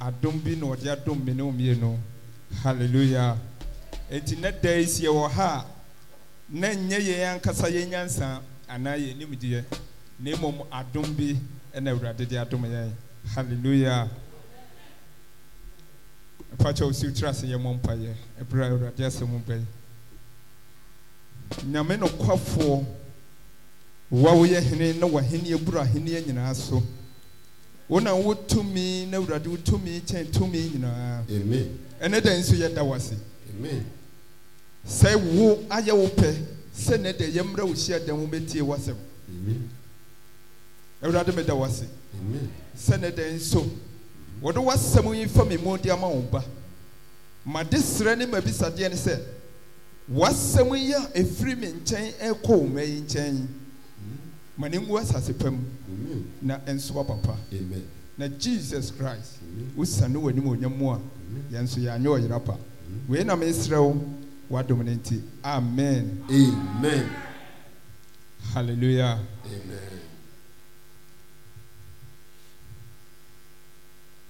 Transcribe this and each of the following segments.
Adombi bi na ɔde adom me ne omie no hallelujah eti ne da esi wɔ ha a na nyɛ yɛn ankasa yɛn nyansa anaa yɛn nimdeɛ na mmom adom bi na awurade de adom yɛn hallelujah mpakyɛ osiw tiri ase yɛ mo mpayɛ ebere awurade asɛm bɛyɛ nyame no hine wɔawoyɛ hene na wɔahene eburu ahene nyinaa so. wọn na wo tumi na awurade wo tumi kyɛn tumi nyinaa ɛnɛ dɛ nso yɛ da wase sɛ wo ayɛ wo pɛ sɛ nɛ dɛ yɛ mmerɛ wo hyia dɛm wobɛtie wasɛm awurade meda wase sɛ nɛ dɛ nso wɔde wasɛm yi fa me mu de ama wo ba ma de serɛ ne ma bisadeɛ ne sɛ wasɛm yi a ɛfiri me nkyɛn ɛkɔ wo ma yi nkyɛn ma ne ngu asase pam na nso wa papa na jesus christ wosane w'anim onyam mu a yɛn nso yɛanyɛ ɔyera pa wei na mesrɛ wo w'adom no nti amen amen hallelujah amen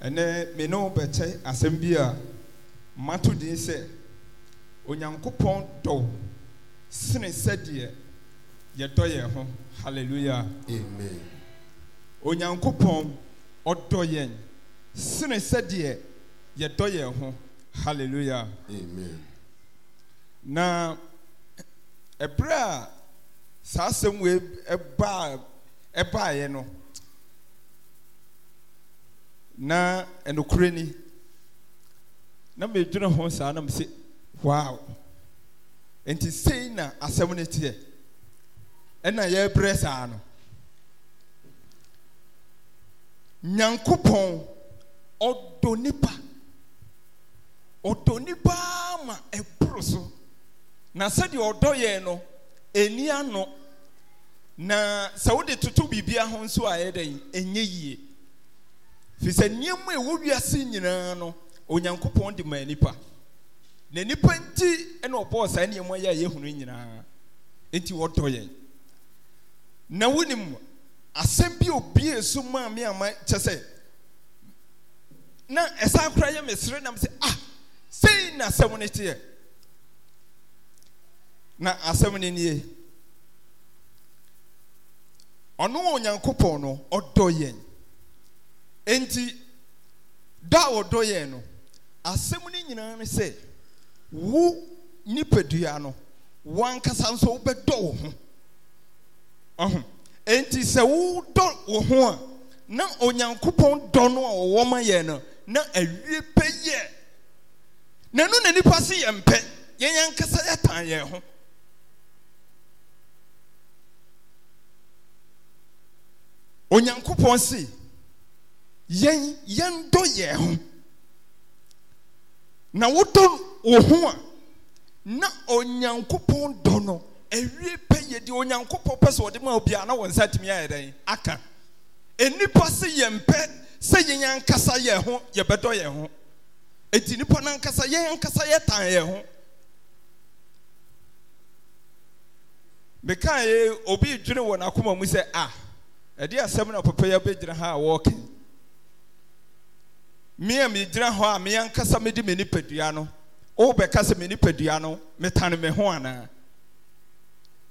ɛnɛ me ne bɛkyɛ asɛm bi a mato din sɛ onyankopɔn dɔ sene sɛdeɛ yɛdɔ yɛn ho hallelujah amen onyankopɔn ɔdɔ yɛn sene sɛdeɛ yɛdɔ yɛn ho hallelujah amen na ɛberɛ a saa asɛm wei ɛbaa ɛbaeɛ no na ɛnokorɛ ni na medwene ho saa na mesɛ wow enti sei na asɛm no teɛ ɛna yɛrebrɛ saa no nyankopɔn ɔdɔ nipa ɔdɔ nipa ma ɛboro so na sɛdeɛ ɔdɔ yɛn no ɛni ano na sɛ wode toto biribia ho nso a ɛdɛn ɛnyɛ yie firi sɛ nneɛma ɛwɔ wiase nyinaa no onyankopɔn de ma nipa na nipa nti ɛna ɔbɔɔ saa nneɛma yɛ a yɛhunu nyinaa nti wɔdɔ yɛn na wonim asɛm bi obie so maa me ama kyɛ sɛ na ɛsa kora yɛ nam sɛ ah sei na asɛm teɛ na asɛm no nie ɔno onyankopɔn no ɔdɔ yɛn enti dɔ a wɔdɔ yɛn no asɛm no nyinaa ne sɛ wo nipadua no wankasa nso wobɛdɔ wo ho henti sɛ wodɔ wo ho a ne onyankopɔn dɔ no a wɔwɔ ma yɛ no ne awie pɛ yɛ nano na nnipa so yɛmpɛ yɛ yankasa yɛtaa yɛ ho onyankopɔn sɛ ɛnyɛndɔ yɛ ho na wodɔ wo ho a ne onyankopɔn dɔ no ewie pɛ yɛ di onyankopɔn pɛ sɛ ɔde ma a na wɔn nsa atumi ayɛ dɛn aka nnipa sɛ yɛn pɛ sɛ yɛn ankasa yɛn ho yɛbɛdɔ yɛn ho eti nnipa no ankasa yɛn ankasa yɛtan yɛn ho mekaa yɛ obi dwene wɔ n'akoma mu sɛ a ah, ɛde asɛm na papa yɛ bɛgyina ha a wɔɔke Mi megyina hɔ a mi ankasa mede me nipadua no wɔbɛka sɛ me nipadua no metane me ho anaa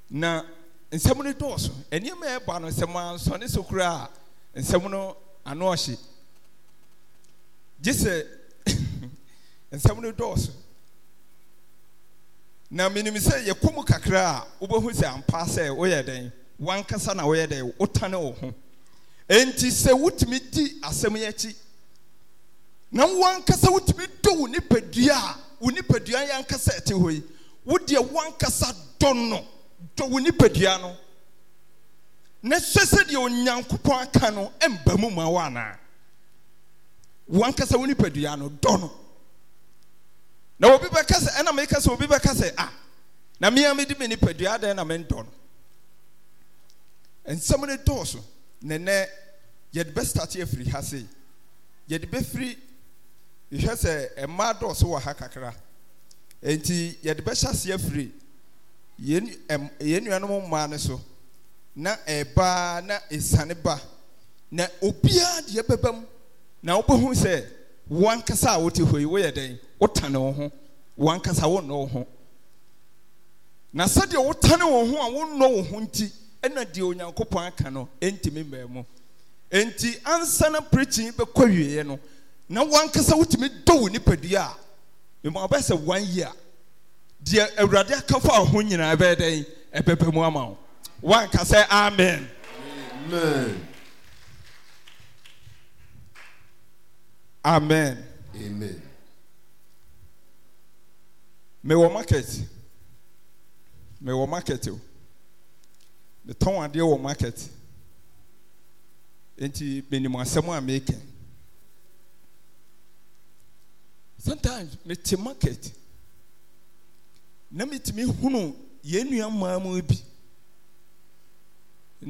na nsɛm no dɔɔso nneɛma a ɛbɔ ano nsɛm ansɔne so koraa a nsɛm no ano ɔhye gye sɛ nsɛm no dɔɔso na menim sɛ yɛkɔ mu kakra a wobɛhu sɛ ampa sɛ woyɛ dɛn wankasa na woyɛ dɛn wotane wo ho enti sɛ wotumi di asɛm yɛ akyi na wankasa wotumi dɔ wo nipadua a wo nipadua yɛ ankasa ɛte hɔ yi wodeɛ wankasa dɔ no dɔ wo nipadua no na sɛ sɛdeɛ onyankopɔn aka no mba mu ma wo anaa wankasa wo nipadua no dɔ no na obi bɛka sɛ ɛna meka sɛ obi bɛka sɛ ah, a na mea mede me nipadua dɛn na mendɔ no nsɛm no dɔɔso nenɛ yɛde bɛstate afiri ha sei yɛde bɛfiri yɛhwɛ sɛ mmaa dɔɔso wɔ ha kakra enti yɛde bɛhyɛ aseɛ afiri yɛn nuanom mmaa no so na ɛbaa na ɛsiane ba na obiara deɛ bɛba mu na wobɛhu sɛ wankasa a wote hɔ yi woyɛ dɛn wotane wo ho wankasa wonnɔ wo ho na sɛdeɛ wotane wo ho a wonnɔ wo ho nti ɛna deɛ onyankopɔn aka no ɛntumi mmɛn mu enti ansa na preaching bɛkɔ wieɛ no na wankasa wotumi dɔ wo nipadua a mmom abɛsɛ one year deɛ awurade aka fa ho nyinaa ɛbɛyɛ dɛn ɛbɛbɛ mu ama wo wanka sɛ amen amen amen mewɔ market mewɔ market o metɔn adeɛ wɔ market nti menim asɛm a meke sometimes mete market na metumi hunu yɛn nua mmaa mu bi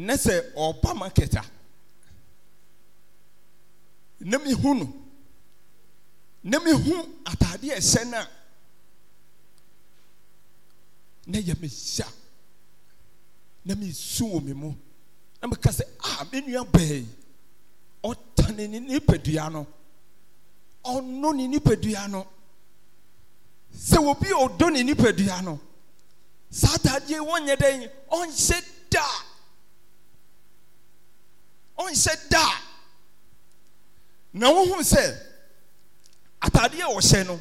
na sɛ ɔba market a na mehu no na mehu ataadeɛ ɛhyɛ no a na yɛ mehyia na mesu wɔ me mu na meka sɛ a ah, me nua bɛɛ ɔtane ne nipadua no ɔno ne nipadua no sɛ obi a ɔdɔ ne nipadua no saa ataadeɛ wɔnyɛ dɛn ɔnhyɛ daa ɔnhyɛ daa na wohu sɛ ataadeɛ a ɔhyɛ no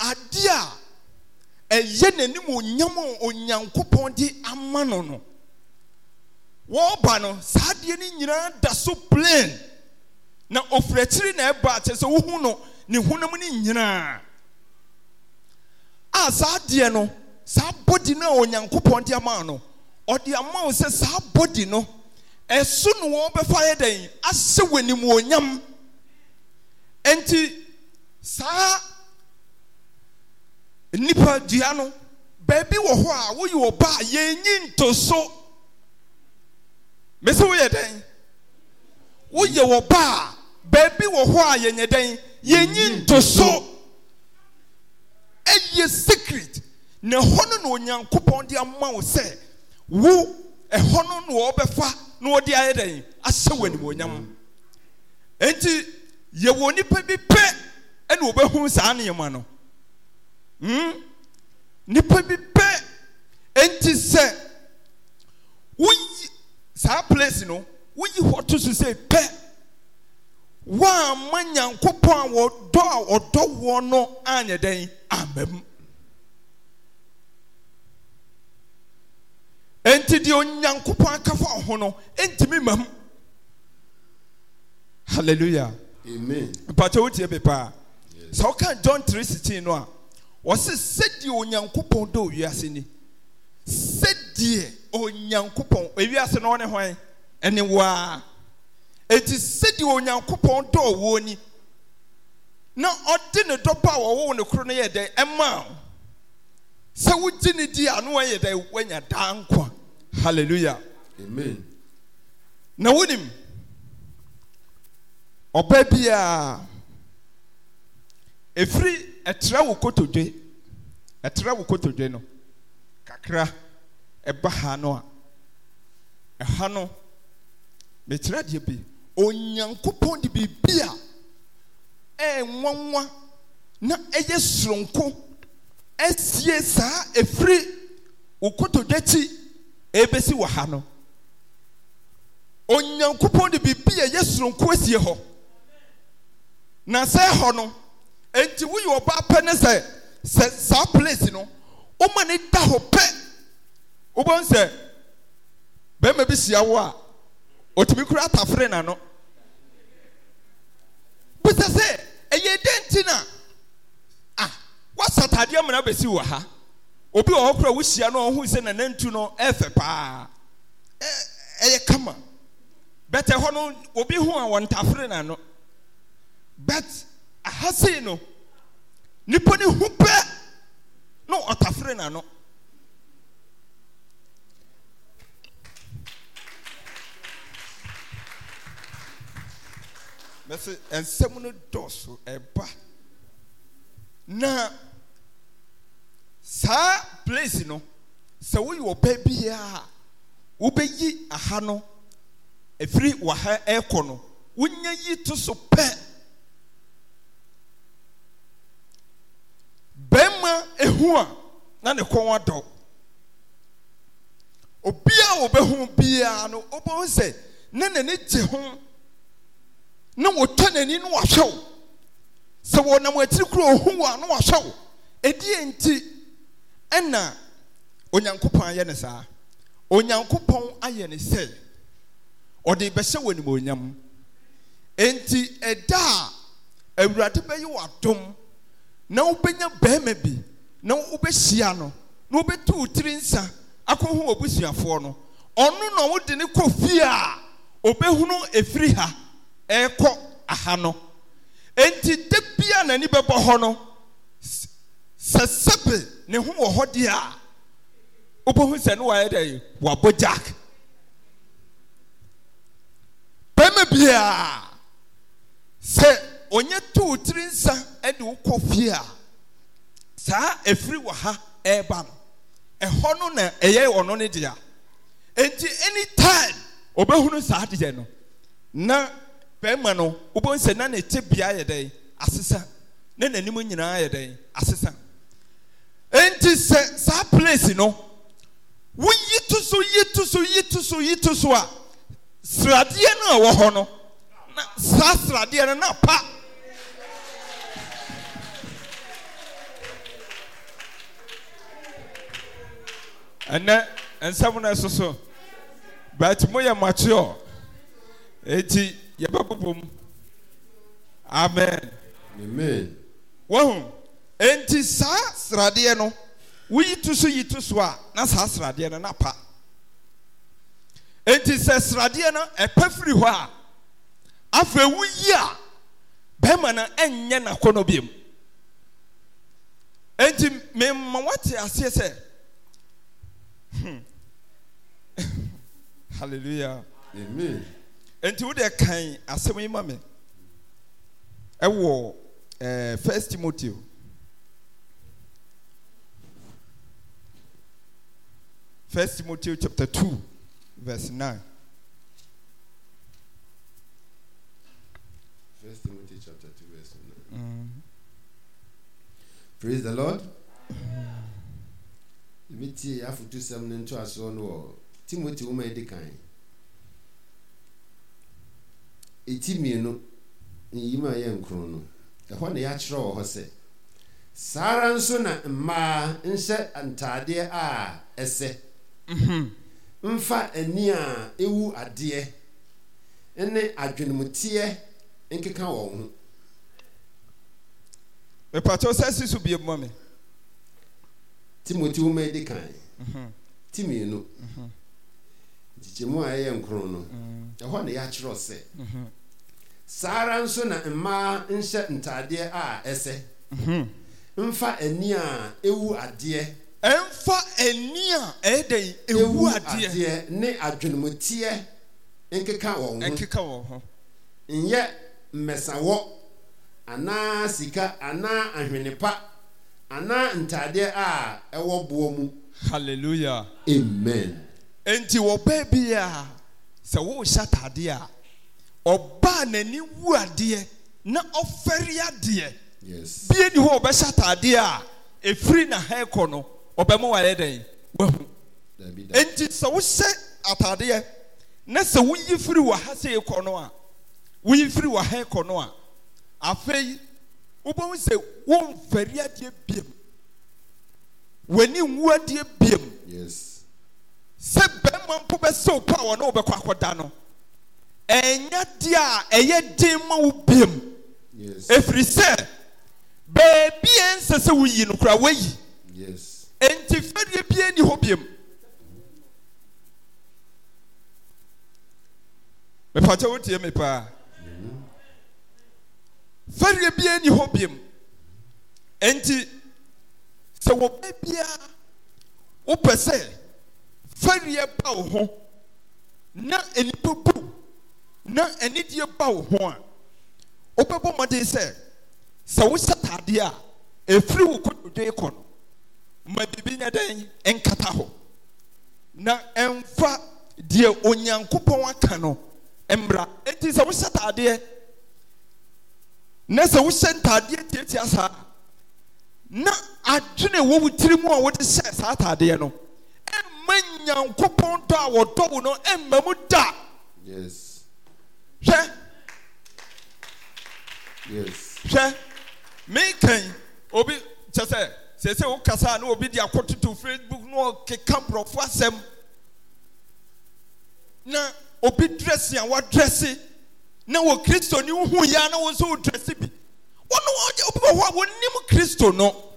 adeɛ a ɛyɛ n'anim onyam a onyankopɔn de ama no no wɔreba no saa adeɛ no nyinaa da so plain na ɔfiri na ɛba kyerɛ sɛ wohu no ne honam no nyinaa a saa adeɛ no saa body no a onyankopɔn de ama no ɔde ama wo sɛ saa body no ɛso no wɔn bɛfa yɛ dɛn ahyɛ wɔ animuonyam nti saa nnipa dua no baabi wɔ hɔ a woyɛ ɔba a yɛnyi nto so mɛsɛ woyɛ dɛn woyɛ ɔba a baabi wɔ hɔ a yɛnyɛ dɛn yɛnyi nto so. ɛyɛ secret na ɛhɔ no na onyankopɔn de ama wo sɛ wo ɛhɔ no na wɔbɛfa na wɔde ayɛ dɛn ahyɛ wɔ animonyam enti yɛwɔ bi pɛ ɛna saa nneɛma no hmm bi pɛ enti sɛ woyi saa place no woyi hɔ to so sɛ pɛ nyankopɔn a wɔdɔ a no anyɛ dɛn amam enti deɛ onyankopɔn akafa ho no ntumi mam halleluya mpakyɛ wotie me paa sɛ woka john 316 no a wɔse sɛdeɛ onyankopɔn dɔ owiase ni sɛdeɛ onyankopɔn ewiase no ɔne hwan ɛne waa enti sɛdeɛ onyankopɔn dɔ ɔwɔ ni na ɔde ne dɔ pa a wɔwɔ ne koro no yɛ dɛn ɛma o sɛ wogye ne di a no wɔyɛ dɛn wɔanya daa nkwa hallelujah amen na wonim ɔbaa bi a ɛfiri ɛtrɛ wo kotodwe ɛtrɛ wo kotodwe no kakra ɛba ha no a ɛha no mekyerɛ deɛ bi onyankopɔn de biribi a ɛɛnwa na ɛyɛ soronko asie saa efiri wo kotodwa kyi ɛbɛsi wɔ ha no onyankopɔn de biribi a ɛyɛ soronko esie hɔ na sɛ hɔ no enti woyɛ ɔbaa pɛ ne sɛ sɛ saa place no woma ne da hɔ pɛ wobɛhu sɛ bɛrima bi hyia wo a ɔtumi kura atafere no. bisa sɛ ɛyɛ dɛn nti na a ah, wasa ataadeɛ mmara bɛsi wɔ ha obi wɔ hɔ kora wohyia no ɔho sɛ nanantu no ɛfɛ paa ɛyɛ kama bɛtɛ hɔ no obi ho a wɔntafere n'ano bɛt aha sei no nipa ne ho pɛ na ɔtafere n'ano. mɛsɛ nsɛm no dɔɔso ɛba na saa place no sɛ woyɛ ɔbaa biara a wobɛyi aha no ɛfiri waha ɛrekɔ no wonya yi to so pɛ bɛrima ehu a na ne kɔn adɔ obiara a wɔbɛhu biara no wɔbɛhu sɛ na n'ani gye ho. na wotwa n'ani no wahwɛ wo sɛ wɔnam akyiri koro ohu wɔ a no wahwɛ wo ɛdiɛ nti ɛna onyankopɔn ayɛ ne saa onyankopɔn ayɛ ne sɛ ɔde bɛhyɛ wɔ animonyam enti ɛda a awurade bɛyɛ w'adom na wobɛnya barima bi na wobɛhyia no na wobɛtu wo tiri nsa akɔhu w'abusuafoɔ no ɔno na wode ne kɔ fie a ɔbɛhunu efiri ha ɛrekɔ aha no nti da bia n'ani bɛbɔ hɔ no sɛ sɛbe ne ho wɔ hɔ deɛ a wobɛhu sɛ ne wayɛ dɛ wabɔ jack bɛrima biara sɛ onye too tiri nsa ɛde wokɔ fie a saa efiri wɔ ha ɛreba no ɛhɔ no na ɛyɛ ɔno ne dea nti anytime obɛhunu saa deɛ no na. baimma no wobɛhu sɛ na ne tɛ bia ayɛ dɛn asesa ne n'nim nyinaa ayɛ dɛn asesa enti sɛ saa plesi no woyito so yitoso itoso yito so a sradeɛ no a wɔ hɔ no n saa sradeɛ no na pa ɛnɛ nsɛmno ɛso so but moyɛ mate ɔ nti yɛbɛbobom amen amen wɔhu enti saa sradeɛ no woyi to so yi a na saa sradeɛ no na pa enti sɛ sradeɛ no ɛpɛ firi hɔ a afei woyi a bɛrima no ɛnyɛ n'akɔnɔ biom enti mema wate aseɛ sɛ hmm. hallelujah amen nti wo deɛ kan asɛm yi ma me ɛwɔ ɛɛ eh, first timothy first timothy chapter two verse nine. First Timothy chapter two verse nine. Mm. Praise the Lord. Ebi tie afutu sɛm ne ntoasoɔ no wɔ Timothy wɔn a yɛdi kan. Eti mmienu nyiyim a yɛ nkron no ɛhɔ na yɛakyerɛ wɔ hɔ sɛ saa ara nso na mmaa nhyɛ ntaadeɛ a ɛsɛ mhm. mfa ani a ɛwu adeɛ ne adwenemteɛ nkeka wɔn ho mepatɛ sɛ si so bie mma me timoti woma ɛdi kan mhm. ti mmienu mhm. mu a ɛyɛ nkron no ɛhɔ na yɛakyerɛ sɛ mhm. saa ara nso na mmaa nhyɛ ntadeɛ a ɛsɛ mhm. mfa ani a ɛwu adeɛ ɛmfa ani a ɛyɛ dɛn ɛwu adeɛ ne adwenemuteɛ nkeka wɔn ho nkeka wɔn ho nyɛ mmɛsawɔ anaa sika anaa ahwenepa anaa ntadeɛ a ɛwɔ boɔ mu hallelujah amen nti wɔbaa bi a sɛ wɔrehyɛ ataadeɛ a ɔbaa n'ani wu adeɛ na ɔfɛre adeɛ bie ni hɔ ɔbɛhyɛ ataadeɛ a efiri na ha ɛkɔ no ɔbɛmo wayɛ dɛn wahu nti sɛ wohyɛ ataadeɛ na sɛ woyi firi wɔ ha sɛ ɛkɔ no a woyi firi wɔ ha ɛkɔ no a afei wobɛhu sɛ wɔmfɛre adeɛ biem w'ani nwu adeɛ biem. Yes. sɛ bɛima mpo bɛsewo pa wɔ ne wɔbɛkɔ akɔda no ɔnyadeɛ a ɔyɛ den ma wo biam ɛfiri sɛ baabia nsɛ sɛ woyi no kora woayi ɛnti fɛriɛ biaaani hɔ bim mɛpakɛ wotiɛ mepaa fɛdiɛ biaa anni hɔ bim nti sɛ wɔbɛabiaa wopɛ sɛ fa riɛ ba wo ho na anipa bu ne anideɛ ba wo ho a wobɛbɔ mɔde sɛ sɛ wohyɛ taadeɛ a ɛfiri wo kodwodweikɔ no ma dirbi nyadɛn nkata hɔ na mfa deɛ onyankopɔn aka no mmra ɛnti sɛ wohyɛ taadeɛ ne sɛ wohyɛ ntaadeɛ tiatiasaaa na adwene wo wo tiri mu a wode hyɛ saa taadeɛ no mma nyankopɔn dɔ a wɔdɔ wo no mmamu da ɛ hwɛ mekayi obi kɛ sɛ seese wokasaa ne wɔbi de akɔtoto facebook na ɔkeka borɔfoɔ asɛm ne obi dresse a w'adresse ne wɔ kristone wohuu yia na wɔ nsɛ wodres se bi wɔno gye wobi wɔ hɔ a wɔnnim kristo no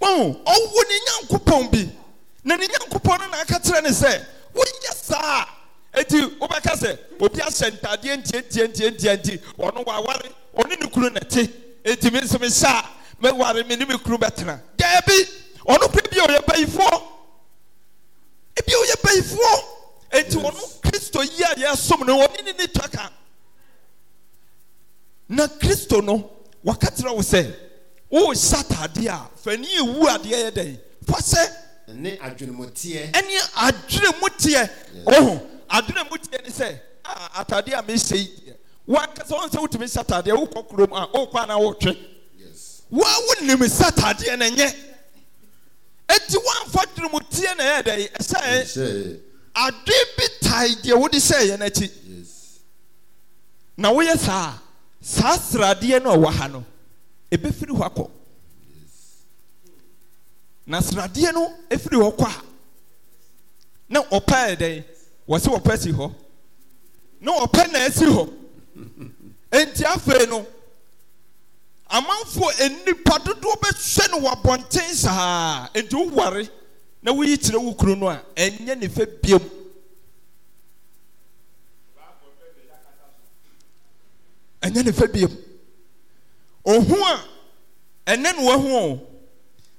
h ɔwɔ ne nyankopɔn bi nane nyankopɔn no naaka terɛ ne sɛ woyɛ saa a nti woɛka sɛ ɔiayɛ ntaadeɛiɔnɔnn ne nimsoɛa ɛaemen bɛea dabi ɔ ɛyɛbyiɔɔkiso yiayɛ onoɔnkio ɛ wo sɛ woaeɛa faniɛwuɛyɛda sɛ ne adwenemuteɛ. ɛne adwenemuteɛ ɔho adwenemuteɛ ne sɛ a atadeɛ a mehyɛ yi deɛ wankasa wɔn nsa wotumi hyɛ atadeɛ wokɔ kurom a wokɔ anaa wotwe waa wonim hyɛ atadeɛ na nyɛ eti wɔnfa adwenemuteɛ na ɛyɛ dɛ ɛhyɛ adwe bi tae deɛ wode hyɛ yɛ n'akyi na woyɛ saa saa sradeɛ no a ɔwɔ ha no ebɛfiri hɔ akɔ na sradeɛ no firi hɔ kɔ a na ɔpɛ ɛdɛn wɔsi ɔpɛ si hɔ na ɔpɛ na esi hɔ enti afei no amanfoɔ enipa dodoɔ bɛhwɛ no wɔ abɔnten saa enti woware na woyi kyerɛ wo kuro no a ɛnyɛ ne fɛ biem ɛnyɛ ne fɛ biem ohun a ɛnɛ no wahu o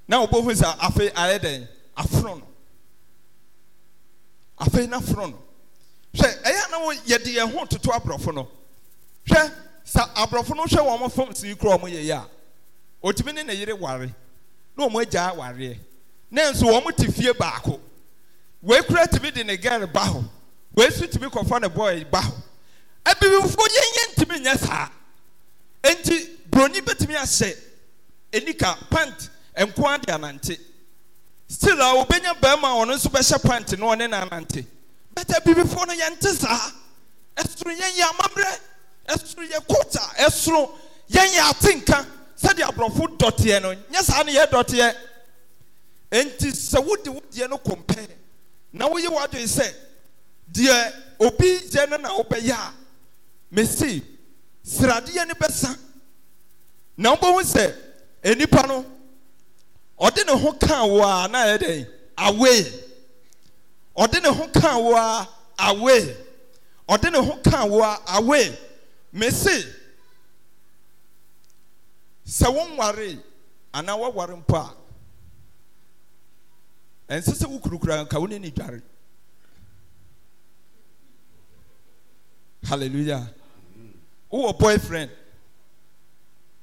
na wɔbɛhu sɛ afei ayɛ dɛn afono no afei na fono no hwɛ ɛyɛ na yɛde yɛn ho toto aborɔfo no hwɛ sɛ aborɔfo no hwɛ wɔn fam si kura wɔn yɛ yɛ a otumi ne ne yere ware na wɔn agya wareɛ na nso wɔn te fie baako wei kura tumi de ne gɛrɛ ba hɔ wei nso tumi kɔfa ne bɔɔl ba hɔ abibifo yɛn yɛn ntumi nyɛ saa nti broni bɛtumi ahyɛ enika pant nko ade anante still a wobɛnya barima a ɔno nso bɛhyɛ pant na ɔne na bɛtɛ bibifoɔ no yɛnte saa ɛsoro yɛn yɛ amammerɛ ɛsoro yɛ kota ɛsoro yɛn yɛ atenka sɛdeɛ aborɔfo dɔteɛ no nyɛ saa ne yɛ dɔteɛ enti sɛ wode wodeɛ no kɔmpɛ na woyɛ w'adwene sɛ deɛ obi yɛ no na wobɛyɛ a mesi sradeɛ no bɛsa na wobɛhu sɛ nnipa no ɔde ne ho kaa wo a na yɛ dɛ away ɔde ne ho kaa wo a away ɔde ne ho kaa wo a away mesi sɛ wɔnware anaa wɔware mpo a ɛnsɛ sɛ wokurukura nka wo ne ne dware hallelujah wowɔ boyfriend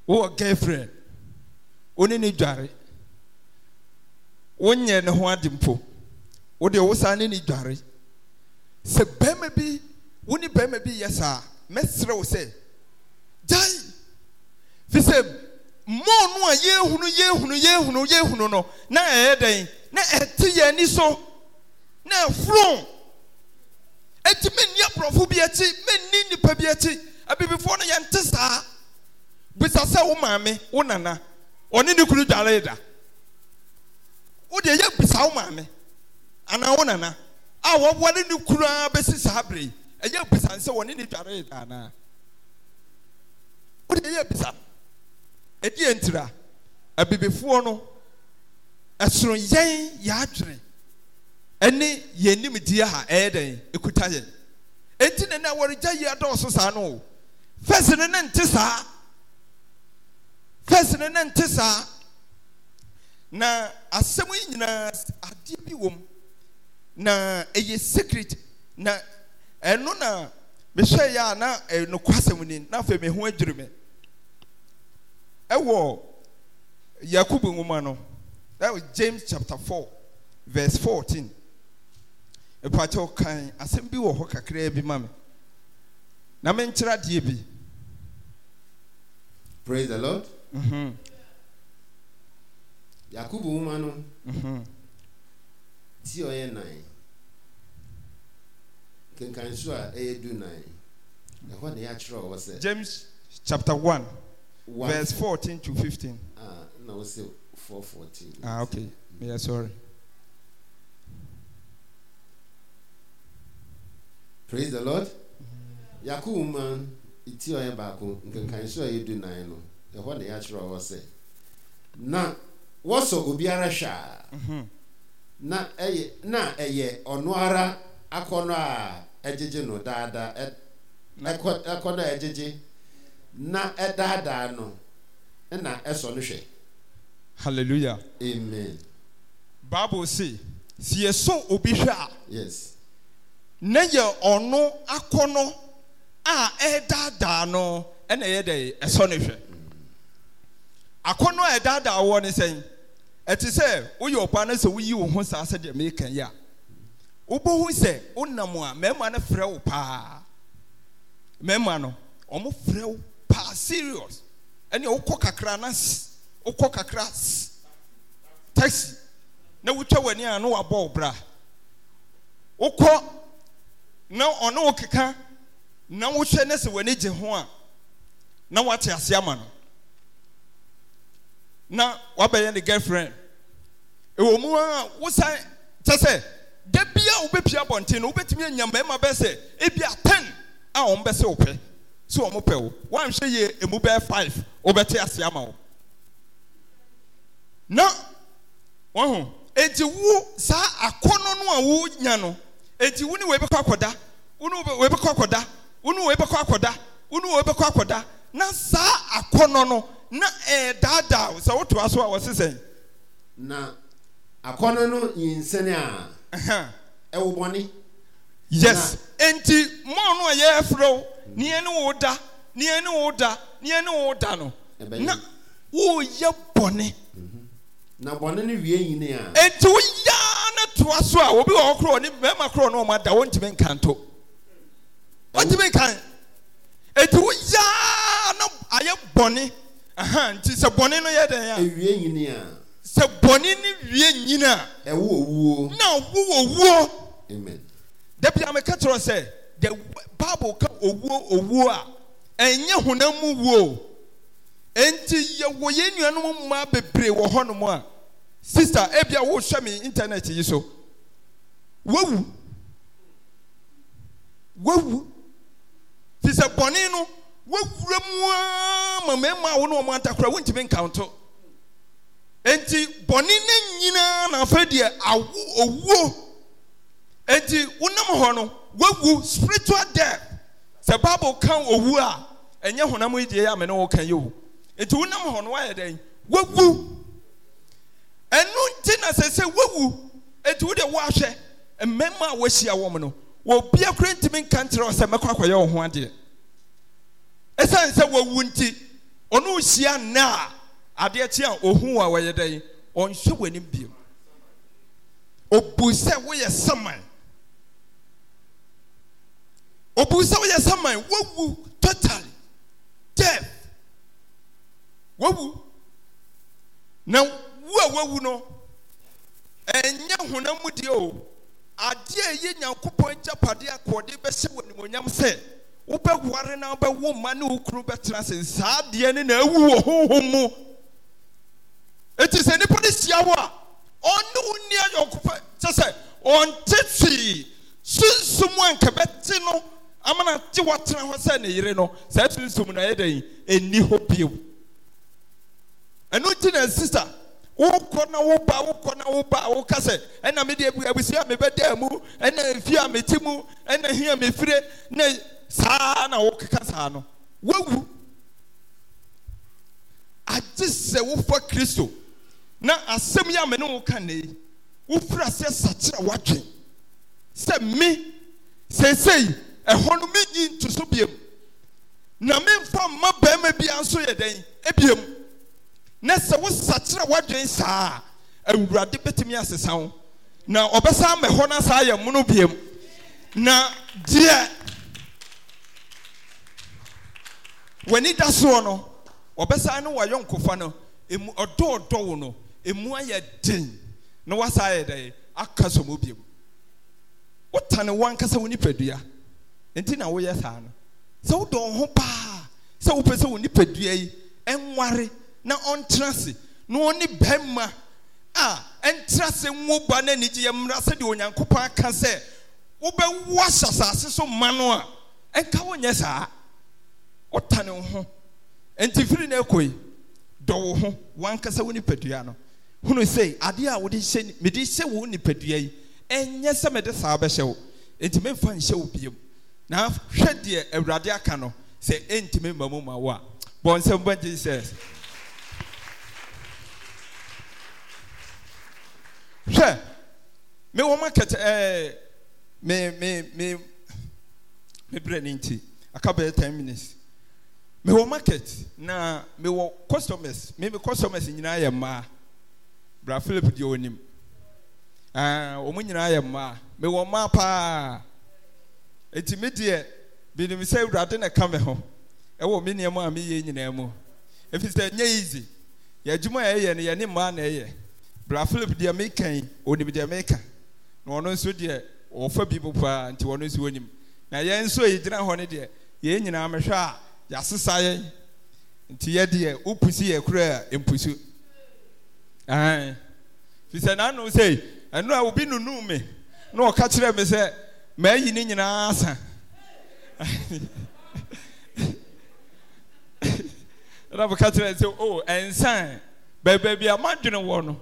wowɔ girlfriend wo ne ne dware wonyɛ ne ho ade mpo wode wo saa ne ne dware sɛ bɛrima bi wo ne bɛrima bi yɛ saa mɛsrɛ wo sɛ gyae fi sɛ mmɔɔ no a yɛhunu yɛhunu yɛhunu yɛhunu no na ɛyɛ dɛn na ɛte yɛn ani so na ɛforo ɛti menni aborɔfo bi akyi menni nnipa bi akyi abibifoɔ no yɛnte saa bisa sɛ wo maame wo nana ɔne ne kunu dware da wode yɛ bisa wo maame anaa wo nana a wɔwɔne ne kuraa bɛsi saa bere yi ɛyɛ bisa sɛ wɔne ne dware anaa wode yɛ bisa ɛdi yɛ ntira abibifoɔ no ɛsono yɛn yɛadwene ɛne yɛn nimdeɛ ha ɛyɛ dɛn ɛkuta yɛn eti na na wɔregya yi adɔɔso saa no fɛsi no ne nte saa fɛsi no ne nte saa na asɛm yi nyinaa adeɛ bi wɔ mu na ɛyɛ secret na ɛno na mehwɛ yɛ a na ɛnokwasɛm ni na afei me adwiri me ɛwɔ yakubu nwoma no james chapter four verse fourteen ɛpakyɛw kan asɛm bi wɔ hɔ kakraa bi ma me na menkyerɛ adeɛ bi praise mhm. yakubu nwoma no ti ɔyɛ nan kenkan so a ɛyɛ du nan ɛhɔ na yɛakyerɛ ɔwɔ sɛ james chapter One. verse fourteen to fifteen. ah, na wo four fourteen. ah, okay meyɛ yeah, sorry praise the lord yakubu nwoma ti ɔyɛ baako nkenkan so a ɛyɛ du nan no ɛhɔ na yɛakyerɛ ɔwɔ sɛ na wɔsɔ obiara hwɛ mhm. na ɛyɛ na ɛyɛ ɔno ara akɔnɔ a ɛgyegye no daadaa ɛkɔ ɛkɔnɔ a ɛgyegye na ɛdaadaa no ɛna ɛsɔ no hwɛ. hallelujah amen. bible say si yɛsɔ obi hwɛ a. yes. Ne yɛ ɔno akɔnɔ a ɛdaadaa no ɛna ɛyɛ dɛ ɛsɔ no hwɛ. akɔnɔ a ɛdaadaa wɔ ne sɛn ɛte sɛ woyɛ ɔbaa no sɛ woyi wo ho saa sɛdeɛ meeka yi a wobɛhu sɛ wonam a mmarima no frɛ wo paa mmarima no ɔmo frɛ wo paa serious ɛne wokɔ kakra na wokɔ kakra taxi na wotwa w'ani a no wabɔ wo bra wokɔ na ɔne wo keka na wohwɛ ne sɛ w'ani gye ho a na wate ase ama no na wabɛyɛ ne girlfriend ɛwɔ mu a wosan kyɛ sɛ da bia wobɛpia abɔnten no wobɛtumi anya mmarima bɛɛ sɛ ebia ten a wɔn bɛsɛ wo pɛ sɛ wɔn pɛ wo wɔanhwɛ yie emu bɛɛ five ase ama wo na wɔn ho eti saa akɔnɔ no a wonya no ne wo ebɛkɔ akɔda ne wo ebɛkɔ akɔda ne na saa akɔnɔ na ɛɛdaadaa eh, sɛ wotu so a wɔse sɛn na akɔno no nyinsɛne a ɛwo bɔne yes nti mɔɔ no a yɛɛfrɛw neɛ ne wo da neɛ ne wo da neɛ ne wo da no na woreyɛ bɔne mhm. na bɔne no wie nyini a enti woyaa na tu so a obi wɔ hɔ korɔ ne bɛrima korɔ no ɔma da wɔntumi nka nto wɔntumi nkan enti woyaa no ayɛ bɔne nti sɛ bɔne no yɛ dɛn a ewie nyini a sɛ bɔne no wie nyini a ɛwo owuo na ɔwo owuo amen dabi ameka kyerɛ sɛ de bible ka owuo owuo a ɛnyɛ honam mu wuo nti yɛwɔ yɛn nuanom mmaa bebree wɔ hɔnom a sista ebi a wohwɛ me internet yi so wawu wawu Nti sɛ bɔne no. wawura mu ara ma mmarima a wɔn a wɔn atakora wɔntumi nkanto nti bɔnne ne nyinaa n'afɛ deɛ awo owuo nti wonam hɔ no wawu spiritual death sɛ bible kan owu a ɛnyɛ honam yi deɛ yɛ a mɛne wɔka yi o nti wonam hɔ no wayɛ dɛn wawu ɛnu nti na sɛ sɛ wawu nti wo deɛ wɔahwɛ mmarima a wɔahyia wɔn no wɔn obiara kura ntumi nkankyerɛ ɔsɛ mɛkɔ akɔyɛ wɔn ho adeɛ. ɛsiane sɛ woawu nti ɔne ohyia nna a ade akye a ɔhu w a wɔyɛ dɛn ɔnhwɛ w'anim bim ɔbu sɛ woyɛ sɛman ɔbu sɛ woyɛ sɛmae wowu totaly deatf wowu ne wu a w'awu no ɛnyɛ hona mudeɛ o adeɛ a ɛyi nyankopɔn agya padeɛ akɔɔde bɛhyɛ w' nimonyam sɛ wobɛwoare na wobɛwo ma ne wo kuro bɛtena sɛ nsaa adeɛ ne na awu wɔ hohom mu ɛnti sɛ nnipo ne sia hɔ a ɔne wo nni ayɔnkopɔ sɛɛ sɛ ɔnte tee sunsum anka bɛte no amana te wotena hɔ sɛ ne yere no saa sunsum no yɛdan ɛni hɔ bio ɛno nti na sista wokɔ na woba wokɔ na woba woka sɛ ɛna mede abusua mebɛdaa mu ɛna ɛfie a mete mu ɛna hia mefire ne saa na wokeka saa no wawu agye sɛ wofa kristo na asɛm yi a me ne wo ka nei wofiri aseɛ sakyerɛ woatwe sɛ me seesei ɛhɔ no menyi nto so biam na memfa mma barima bia nso yɛ dɛn biam na sɛ wosakyerɛ w'adwene saa a awurade bɛtumi asesa wo na ɔbɛsa ama hɔ no saa yɛ mono biam na deɛ w'ani da soɔ no ɔbɛsa ne wayɔnkofa no emu ɔdɔɔdɔ wo no emu ayɛ den na wasa ayɛ dɛ aka sɔmɔ biam wotane wankasa wo nipadua nti na woyɛ saa no sɛ wodɔ ho paa sɛ wopɛ sɛ wo nipadua yi ɛnware na ɔntena ase na ɔne bɛrima a ɛntena ase nwo ba no anigye yɛ mmara sɛdeɛ onyankopɔn aka sɛ wobɛwo ahyɛ asase so ma no a ɛnka wonyɛ saa wotane wo ho enti firi no ɛkɔ yi dɔ wo ho wankasa wo nipadua no hunu sɛ adeɛ a wode hyɛ mede hyɛ wo nipadua yi ɛnyɛ sɛ mede saa bɛhyɛ wo enti memfa nhyɛ wo biom na hwɛ deɛ awurade aka no sɛ ɛntimi mma mu ma wo a bɔ nsɛm jesus hwɛ me wɔn akɛtɛ ɛɛ eh, me me me me brɛ ne nti aka bɛyɛ ten minutes me wɔ market na me wɔ customers me me customers nyinaa yɛ mmaa bra philip deɛ onim ɛɛ ah, wɔn nyinaa yɛ mmaa me wɔ mmaa paa eti me deɛ binom sɛ awurade na ka me ho ɛwɔ me nneɛma a meyɛ nyinaa mu efi nye easy yɛ adwuma a yɛyɛ no yɛ ne mmaa na ɛyɛ. bra philip deɛ meka yi onim deɛ meka na ɔno nso deɛ ɔfa bi mu paa nti ɔno nso onim na yɛn nso a yɛgyina hɔ no deɛ yɛn nyinaa mehwɛ a yɛasesa yɛn nti yɛ deɛ wopusi yɛ kora a mpusu ɛn firi sɛ n'ano sɛ ɛno a obi nunu me na ɔka kyerɛ me sɛ maayi ne nyinaa asa ɛna bɛka kyerɛ sɛ o oh, ɛnsan baabi a madwene wɔ no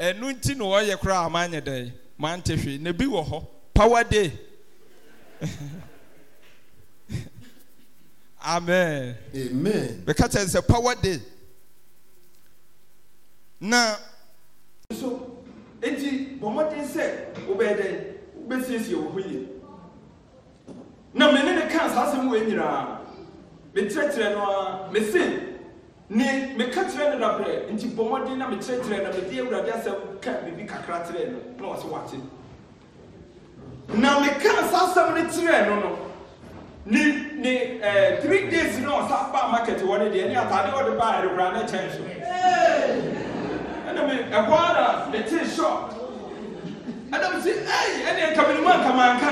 ɛnu nti na wɔyɛ koraa a manyɛ dɛ mante hwee na bi wɔ hɔ power day amen amen bɛka kyɛ sɛ power day na. nso eti bɔmɔden sɛ wobɛyɛ si wobɛsiesie wɔ ho yie na mene ne kaa saa asɛm wɔ nyinaa mekyerɛkyerɛ no a mese ne meka kyerɛ no dabrɛ nti bɔ mmɔden na mekyerɛkyerɛ na mede awurade asɛm ka biribi kakra kyerɛ no na ɔse wate na meka saa asɛm no kyerɛ no no ne ne ɛɛ three days na ɔsa ba market wɔ ne deɛ ne ataade ɔde ba ɛrekura ne kyɛn so ɛna mi ɛhɔ ara ne ti shop ɛna mi si ɛyi ɛna nkaminimu nkamanka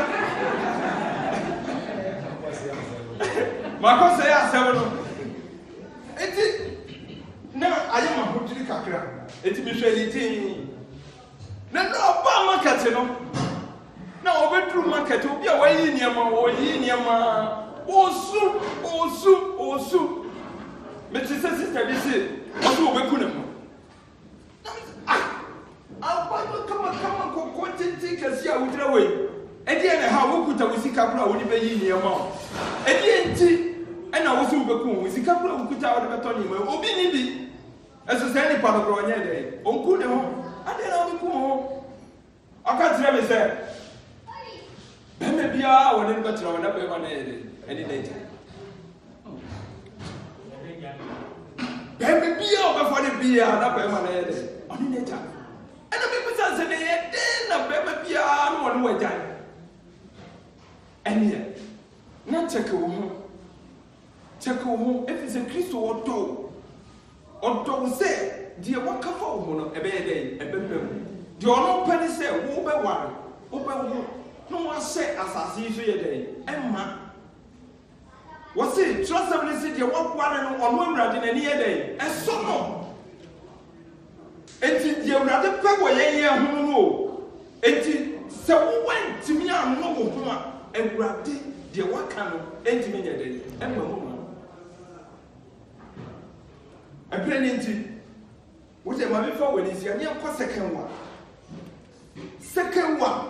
maakɔ sɛ yɛ asɛm no eti na ayé ma ho tiri kakra eti mi hwɛ ne tin na na ɔba market no na ɔbɛduru market obi a wɔayi nneɛma wɔyi nneɛma osu osu osu meti sɛ sista bi se ɔsɛ wɔbɛku ne ho abayɔ kamakama kɔkɔ tenten kɛse a wogyina wei ɛdeɛ ne ha wokuta wo sika koro a wode bɛyi nneɛma o ɛdeɛ nti ɛna wosi wobɛku wo sika kura wokuta wode bɛtɔ nneɛma obi ni bi ɛso sɛ nipa dokorɔ ɔnyɛ dɛ ɔnku ne ho adeɛ na wode ku ho ɔka kyerɛ me sɛ bɛma biara wɔde no bɛkyerɛ wɔ na bɛma no yɛ dɛ ɛne na agya bɛma biara wɔbɛfɔ ne biara na bɛma no yɛ ɔne na agya ɛna mebisa sɛ ne yɛ den na bɛma biara na wɔne wɔ agya ɛneɛ na kyɛke wo ho kyɛkɛ wo ho ɛfiri sɛ kristo ɔdɔ wo ɔdɔ wo sɛ deɛ waka fa wo ho no ɛbɛyɛ dɛn ɛbɛmɛ mu deɛ ɔno pɛ ne sɛ wobɛware wobɛwo ho na wahyɛ asase yi so yɛ dɛn ɛma wɔse twerɛsɛm ne se deɛ woakoare no ɔno awurade n'ani yɛ dɛn ɛsɔ no enti deɛ awurade pɛ wɔ yɛyɛ ho no o enti sɛ wowɔ ntimi anɔ wo ho a awurade deɛ waka no ɛntimi nyɛ dɛn ɛma mu ɛpere ne nti wogyɛ maame fa wɔ ne nsia ne yɛnkɔ second one second one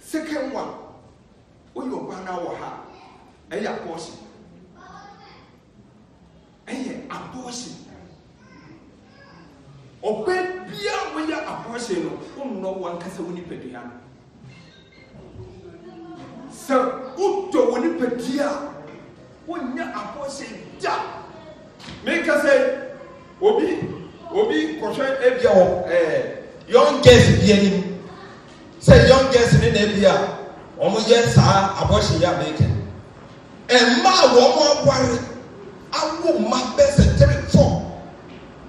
second one woyɛ ɔbaa no wɔ ha ɛyɛ abɔɔhye ɛyɛ abɔɔhye ɔbaa bia woyɛ abortion. no wonnɔ wankasa wo nipadua no sɛ wotɔ wo nipadua a wonyɛ abɔɔhye da meka sɛ obi obi kɔhwɛ ebi wɔ ɛɛ eh, young girls bi anim sɛ young girls ne na ebi eh, a wɔn yɛ saa abɔhyɛ yɛ abɛɛkɛ mmaa a wɔn aware awo mma bɛɛ sɛ three four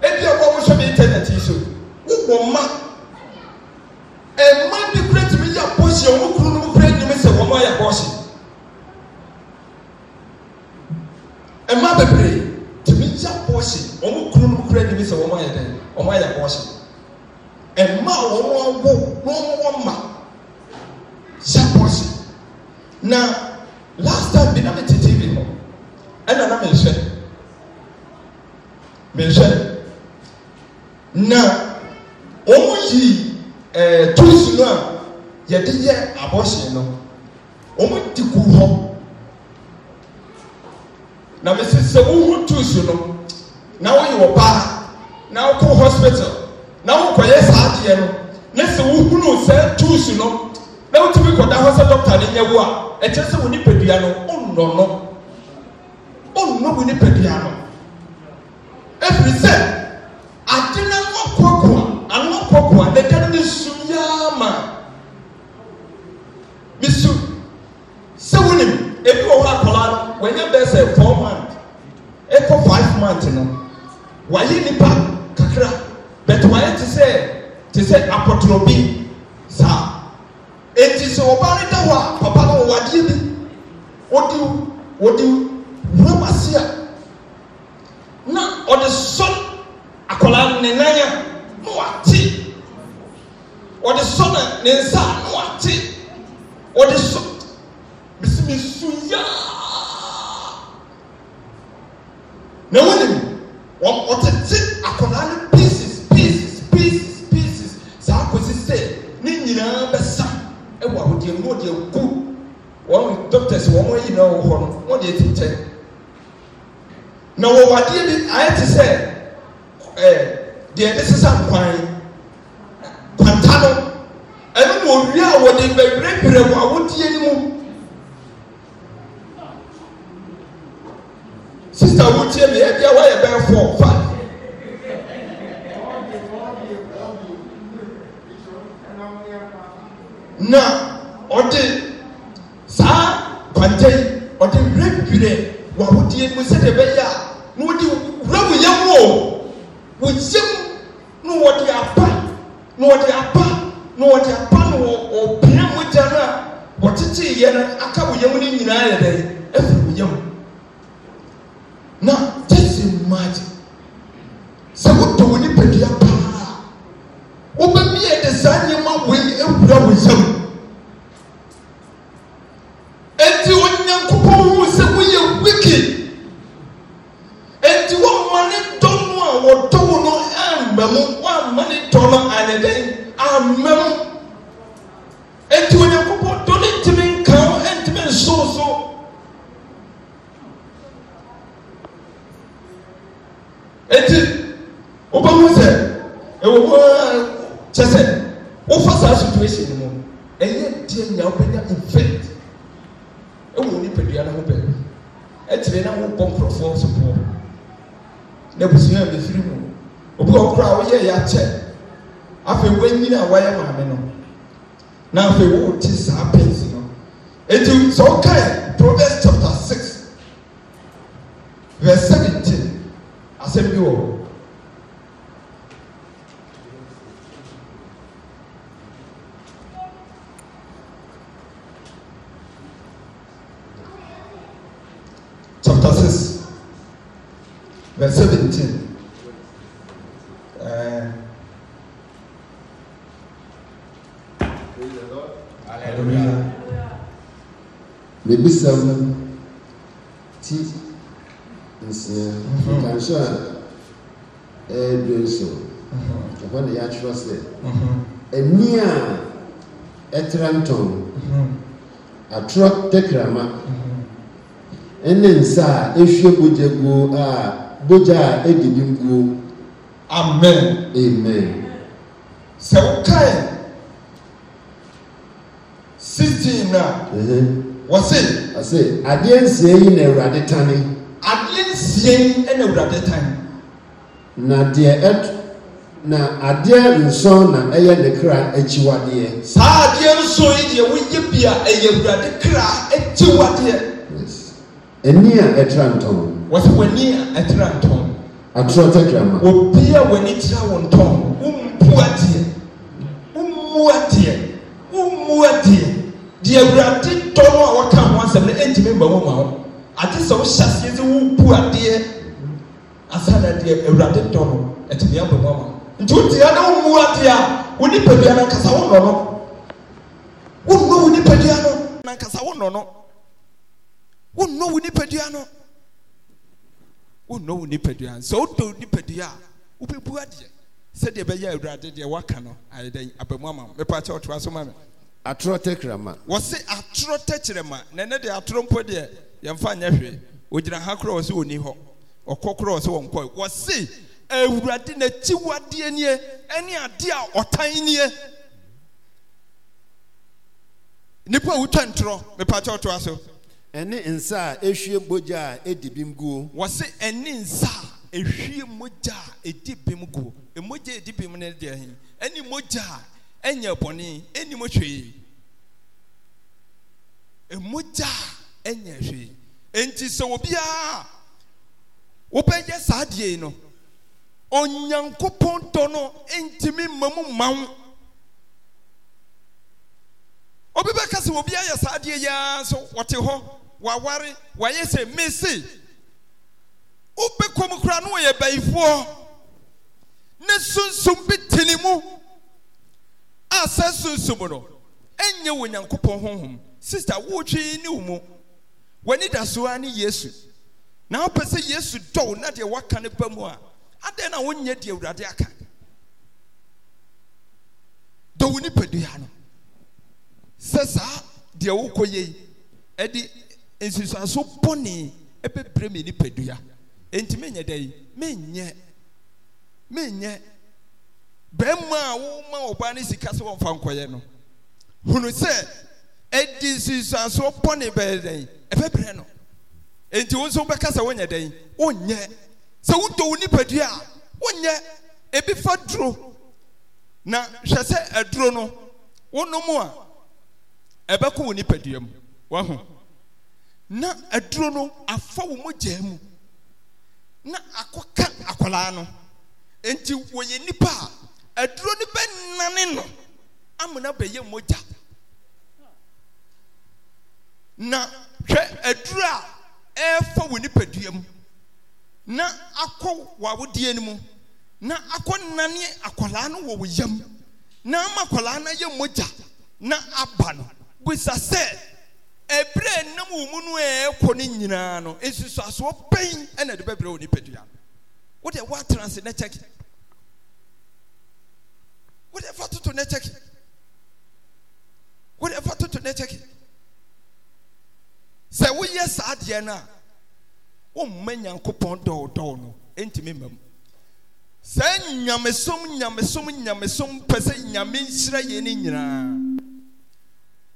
ebi a wɔn hyɛ internet yi so wowɔ mma eh, mmaa bi kura tumi yɛ abɔhyɛ wɔn kuru no kura anim sɛ wɔn ayɛ abɔhyɛ mmaa bebree abortion wɔn kunu no kura anim wɔn ayɛ dɛ wɔn ayɛ abortion mma wɔn awo na wɔn wɔ mma yɛ na last time bi na mi te tv hɔ ɛna na mi nhwɛ mi nhwɛ na wɔn yi ɛɛ tools no a yɛde yɛ abortion no wɔn di gu hɔ na mi sɛ sɛ wɔn hu tools no na woyɛ ɔbaa na wokɔ hospital na wokɔyɛ saa adeɛ no na sɛ wohunu sɛ tuusu no na wotumi kɔda hɔ sɛ dɔkta no nyɛ wo a ɛkyerɛ sɛ wo nipadua no onnɔ no onnɔ wo nipadua no ɛfiri sɛ ade na wɔkɔkoa ano wɔkɔkoa dɛdɛ no ne su na wɔde aba na wɔde aba na wɔde aba na wɔpia mogya no a wɔtete yɛ no aka wo yam no nyinaa yɛ dɛ afiri wo yam na jesu mmaagye sɛ wotɔ wo nipadua paa wobɛmie de saa w'anyini a wɔyɛ maame no na afei wɔte saa pins no eti sɛ ɔkae proverbs chapter six verse seventeen asɛm bi wɔ hɔ. chapter six verse seventeen. mebisɛm ti nsia mhm. nkanso a ɛɛdu nso mhm. ɛhɔ na yɛatwerɛ sɛ mhm. ani a ɛtra ntɔn atorɔ tɛkrama ɛne nsa a ehwie bogya guo a bogya a ɛdi bi guo amen amen sɛ wokae sixteen na wɔsi. ɔsi adeɛ nsia yi na awurade tani. adeɛ nsia yi na awurade tani. na deɛ ɛto na adeɛ nson na ɛyɛ ne kra akyiwadeɛ. saa adeɛ nson yi deɛ wɔyɛ bia ɛyɛ awurade kra akyiwadeɛ. ani a ɛtra ntɔn. wɔsi w'ani a ɛtra ntɔn. atoro tɛ kirama. obi a w'ani kyerɛ wɔn ntɔn wɔn mpu adeɛ wɔn mu adeɛ wɔn mu adeɛ deɛ awurade dɔ no a wɔka ho asɛm no ɛntumi mba wɔn ma ho ate sɛ wohyɛ aseɛ sɛ wobu adeɛ asa na deɛ awurade dɔ no ɛtumi aba mu ama nti wotia na womu adeɛ a wo nipadua no ankasa wo nɔ no wonnɔ wo nipadua no nankasa wo nɔ no wonnɔ wo nipadua no wonnɔ wo nipadua no sɛ wodɔ wo nipadua a wobɛbu adeɛ sɛdeɛ ɛbɛyɛ awurade deɛ woaka no ayɛ dɛn aba mu ama mepɛ akyɛ ɔtoa so ma atorɔ tɛkyerɛma wɔse atorɔ tɛkyerɛma na ɛnɛ de atorɔ mpo deɛ yɛmfa nyɛ hwee gyina ha korɔ wɔ sɛ ɔni hɔ ɔkɔ korɔ wɔ sɛ wɔnkɔ wɔse awurade n'akyiwadeɛ nie ɛne adeɛ a ɔtan nie nipa a wotwa ntorɔ mepakyɛ ɔtoa so ɛne nsa a ehwie mogya a edi bim guo wɔse ɛne nsa a ehwie mogya a edi bim guo emogya a edi bim ne deɛ ɛne mogya a ɛnyɛ bɔne ɛnim hwee ɛmogya a ɛnyɛ hwee enti sɛ obiara wobɛyɛ saa deɛ yi no onyankopɔn dɔ no ntumi mma mu ma wo obi bɛka sɛ obi ayɛ saa adeɛ yia nso wɔte hɔ waware wayɛ sɛ mese wobɛkɔm koraa na wɔyɛ bayifoɔ ne sunsun bi tene mu a saa sunsum no ɛnyɛ wɔ nyankopɔn honhom sista woretwe ne wo mu w'ani da so ara ne yesu na wopɛ sɛ yesu dɔw na deɛ waka ne ba mu a adɛn na wonyɛ deɛ awurade aka dɔw nipadua no sɛ saa deɛ wokɔ yei ɛde nsusuaso bɔne ɛbɛbrɛ me nipadua ɛntimi nyɛ dɛ yi menyɛ menyɛ bɛrima a wɔma ɔbaa ne sika sɛ wɔmfa nkɔyɛ no hunu sɛ ɛdi nsusuasoɔ bɔne bɛyɛ dɛn ɛbɛbrɛ no enti wo nso wobɛka sɛ wonyɛ dɛn wonyɛ sɛ wodɔ wo nipadua a wonyɛ ebi fa duro na hwɛ sɛ aduro no wonom a ɛbɛkɔ wo nipadua mu waho na aduro no afa wo mogyaa mu na akɔka akwaraa no enti wɔyɛ nipa a aduro no bɛnane no amena bɛyɛ mogya na hwɛ aduro a ɛɛfa wɔ nipadua mu na akɔ wɔ awodie no mu na akɔ nane akwadaa no wɔ wo yam na ama akwadaa no ayɛ mogya na aba no bisa sɛ ebire nam wɔ mu no ɛɛkɔ no nyinaa no nsusuasoɔ bɛn ɛna de bɛbrɛ wɔ nipadua no wɔde wɔatena ase na kyɛkɛ wodefa toto ne kyɛke wodefa toto ne kyɛke sɛ woyɛ saa deɛ no a womma nyankopɔn dɔwodɔw no ɛntumi mma mu saa nyamesom nyamesom nyamesom pɛ sɛ nyame nhyira yɛ no nyinaa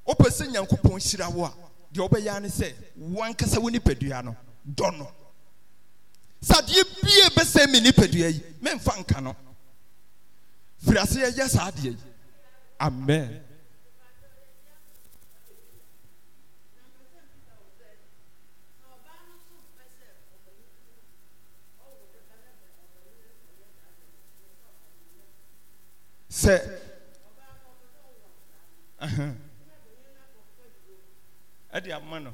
wopɛ sɛ nyankopɔn hyira wo a deɛ wobɛyɛ ne sɛ wankasa wo nipadua no dɔ no bie bɛsɛ me nipadua yi memfa nka no firi ase yɛyɛ saa adeɛ yi amen. sɛ ɛde ama no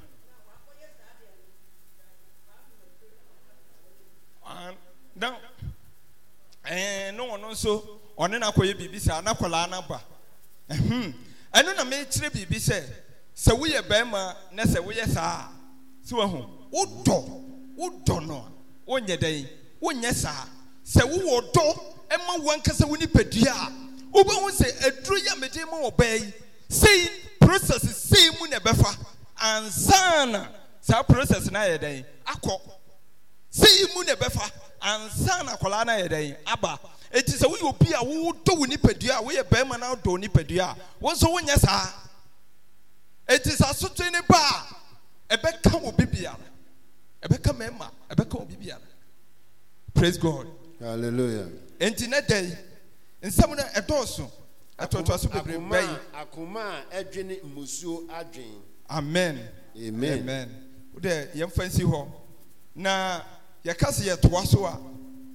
na ɛɛ ne wɔn nso ɔne na akɔyɛ biribi sɛ ana kɔlaa na ba ɛhum ɛno na mekyerɛ biribi sɛ sɛ woyɛ bɛrima na sɛ woyɛ saa sɛ wahu wodɔ wodɔ no a wonyɛ dɛn wonyɛ saa sɛ wowɔ dɔ ɛma wankasa wo nipadua a wobɛhu sɛ aduro yɛ mede ma wɔ bɛɛ yi sei process sei mu na ɛbɛfa ansa na saa process no ayɛ dɛn akɔ sei mu na ɛbɛfa ansa na akɔlaa no ayɛ dɛn aba eti sɛ woyɛ obi a wodɔ wo nipadua a woyɛ bɛrima na wodɔ wo nipadua a wo nso wonyɛ saa eti sɛ asotwe ne ba a ɛbɛka wo bibiara ɛbɛka mɛma ɛbɛka wo bibiara praise god hallelujah enti ne dɛn nsɛm no ɛdɔɔso ɛtoatoaso bebree bɛyi akoma a ɛdwene mmusuo adwen amen amen amen wodɛ yɛmfa nsi hɔ na yɛka sɛ yɛtoa so a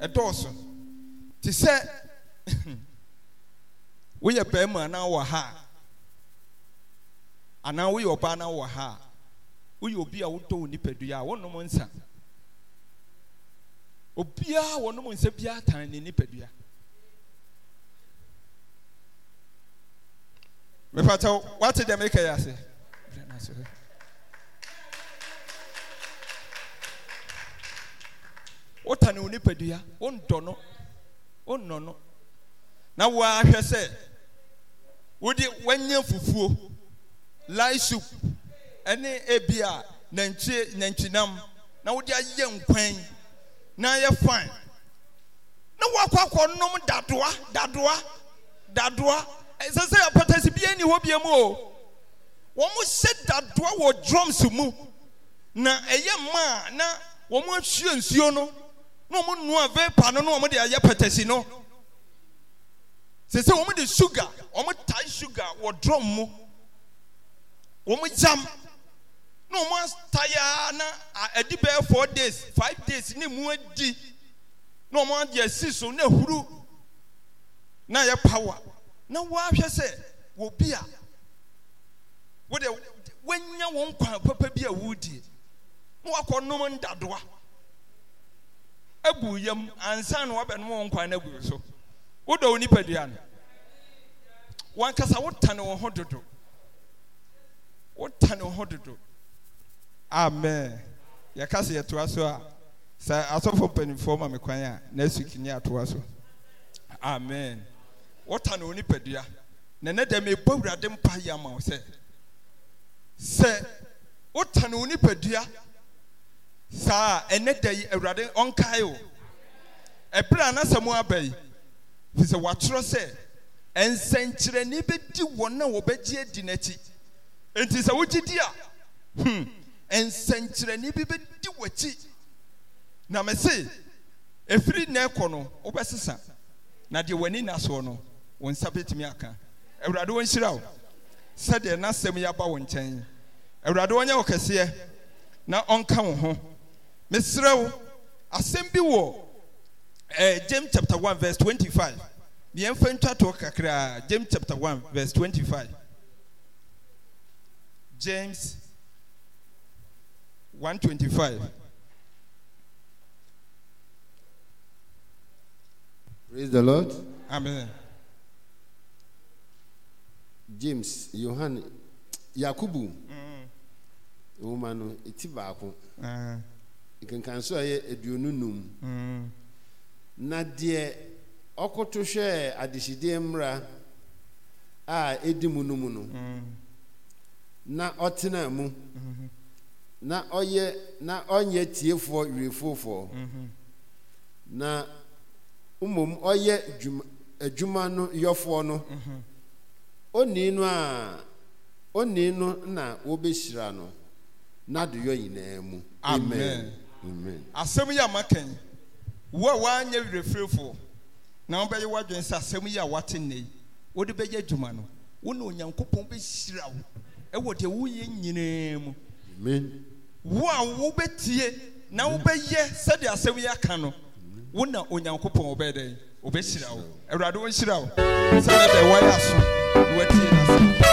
ɛdɔɔso te sɛ woyɛ bɛrima anaa wɔ ha anaa woyɛ ɔbaa anaa wɔ ha woyɛ obi a wotɔ wo nipadua a wɔnom nsa obiara wɔnom nsa biara tan ne nipadua mepata wate deɛ meka yɛ ase wotane wo nipadua wondɔ no ɔnnɔ no na wɔahwɛ sɛ wode wɔanyɛ fufuo lai soup ɛne ebi a nantwie nantwinam na wode ayɛ nkwan na ayɛ fine na wakɔ akɔ nom dadoa dadoa dadoa ɛsɛ sɛ apɔtɛsi bia ni hɔ bia mu o wɔn hyɛ dadoa wɔ drums mu na ɛyɛ mmaa na wɔn ahyia nsuo no na wɔn nua vapor no na wɔn de ayɛ pɛtɛsi no sese wɔn de sugar wɔn tae sugar wɔ drum mu wɔn jam na wɔn ataya na ɛdi bɛyɛ four days five days ne mu adi na wɔn de asi so na ehuru na ayɛ power na wɔahwɛ sɛ wɔbi a wɔde wɔanya wɔn kwan papa bi a wɔredie na wɔakɔ nom ndadoa abu yam ansa na wabɛnom wo nkwan no agu so wodɔ wo nipadua no wankasa wotane wo ho dodo wotane wo ho dodo amen yɛka sɛ yɛtoa so a sɛ asɔfo mpanimfoɔ ma me kwan a na asukini atoa so amen wotane wo nipadua na ɛnɛ dɛ mebɔ awurade mpa yɛ ama wo sɛ sɛ wotane wo nipadua saa ɛnɛ da yi awurade ɔnkae o ɛberɛ a n'asɛm aba yi fi sɛ wɔatwerɛ sɛ nsɛnkyerɛnne bɛdi wɔn a wɔbɛgye adi n'akyi nti sɛ wogye di a hmm nsɛnkyerɛnne bi bɛdi w'akyi na mɛse efiri na ɛkɔ no wobɛsesa na deɛ w'ani na soɔ no wɔn nsa bɛtumi aka awurade wɔn nhyira o sɛdeɛ n'asɛm yi aba wɔn nkyɛn awurade wɔn nyɛ wɔ kɛseɛ na ɔnka wɔn ho. mesrɛ wo asɛm bi wɔ eh, james chapter 1 verse 25 yɛmfa ntwatoɔ kakraa james chapter 1 verse 25 james 125 praise the lord amen james yohane yakubu nwoma mm. no ɛti baako ah. nkenkanso a ɛyɛ aduonu num mm. na deɛ ɔkoto hwɛɛ adehyedeɛ mmara a ɛdi mu no mu no mm. na ɔtena mu mm-hmm. na ɔyɛ na ɔnyɛ tiefoɔ wiefofoɔ mm-hmm. na mmom ɔyɛ adwuma no yɔfoɔ no mm-hmm. onii no a na wɔbɛhyira no nyinaa mu amen. asɛm yi a maka yi wo a woanyɛ werɛfirefoɔ na wobɛyɛ w'adwene sɛ asɛm yi a woate nnɛ yi wode bɛyɛ adwuma no wo onyankopɔn bɛhyira wo ɛwɔ deɛ woyɛ nyinaa mu wo a wobɛtie na wobɛyɛ sɛdeɛ asɛm yi aka no wo na onyankopɔn wɔbɛyɛ dɛn wɔbɛhyira wo awurade wɔnhyira wo sɛdeɛ dɛ wɔyɛ aso na